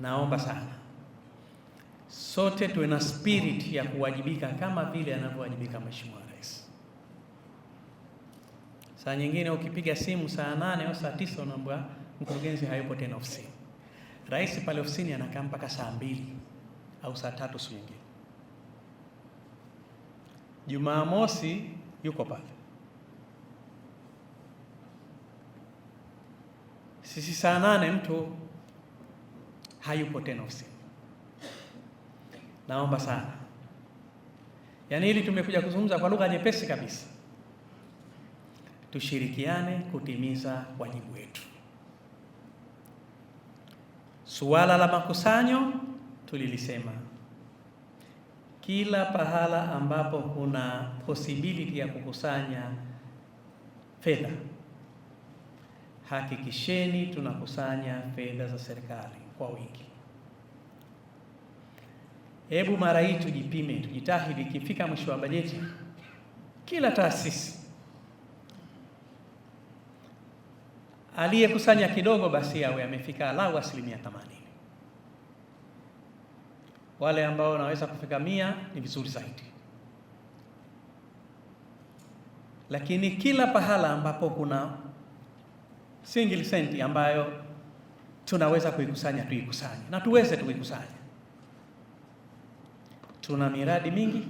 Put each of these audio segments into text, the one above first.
Naomba sana sote tuwe na spirit ya kuwajibika kama vile anavyowajibika Mheshimiwa Rais. Saa nyingine ukipiga simu saa nane au saa tisa unaambiwa mkurugenzi hayupo tena ofisini. Rais pale ofisini anakaa mpaka saa mbili au saa tatu siku nyingine. Jumamosi yuko pale. Sisi saa nane mtu hayupo tena ofisini. Naomba sana, yaani hili tumekuja kuzungumza kwa lugha nyepesi kabisa, tushirikiane kutimiza wajibu wetu. Suala la makusanyo tulilisema, kila pahala ambapo kuna possibility ya kukusanya fedha hakikisheni tunakusanya fedha za serikali kwa wingi. Hebu mara hii tujipime, tujitahidi, ikifika mwisho wa bajeti, kila taasisi aliyekusanya kidogo basi awe amefika lau asilimia themanini. Wale ambao wanaweza kufika mia ni vizuri zaidi, lakini kila pahala ambapo kuna single senti ambayo tunaweza kuikusanya tuikusanye, na tuweze tuikusanye. Tuna miradi mingi,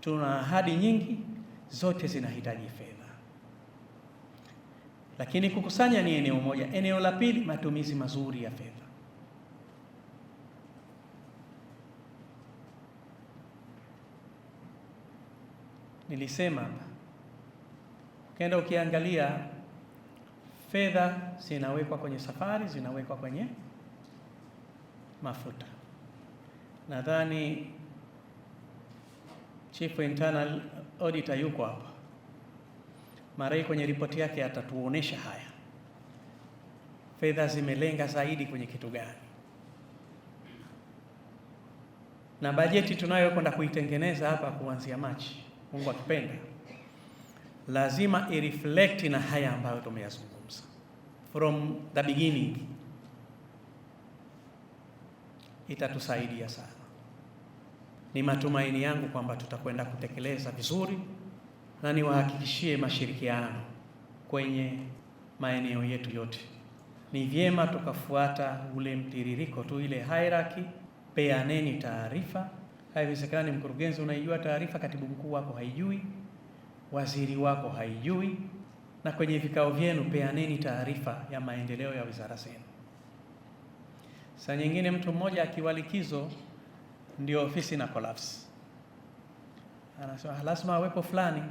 tuna ahadi nyingi, zote zinahitaji fedha, lakini kukusanya ni eneo moja. Eneo la pili, matumizi mazuri ya fedha. Nilisema ukenda ukienda ukiangalia Fedha zinawekwa kwenye safari, zinawekwa kwenye mafuta. Nadhani Chief Internal Auditor yuko hapa, mara hii kwenye ripoti yake atatuonesha haya fedha zimelenga zaidi kwenye kitu gani, na bajeti tunayokwenda kuitengeneza hapa kuanzia Machi, Mungu akipenda lazima ireflect na haya ambayo tumeyazungumza from the beginning, itatusaidia sana. Ni matumaini yangu kwamba tutakwenda kutekeleza vizuri, na niwahakikishie mashirikiano kwenye maeneo yetu yote. Ni vyema tukafuata ule mtiririko tu, ile hierarchy. Peaneni taarifa. Haiwezekani mkurugenzi unaijua taarifa, katibu mkuu wako haijui waziri wako haijui, na kwenye vikao vyenu peaneni taarifa ya maendeleo ya wizara zenu. Saa nyingine mtu mmoja akiwa likizo ndio ofisi na collapse, anasema lazima awepo fulani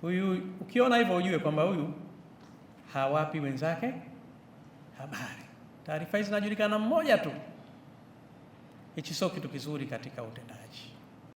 huyu. Ukiona hivyo ujue kwamba huyu hawapi wenzake habari. Taarifa hizi zinajulikana mmoja tu. Hichi sio kitu kizuri katika utendaji.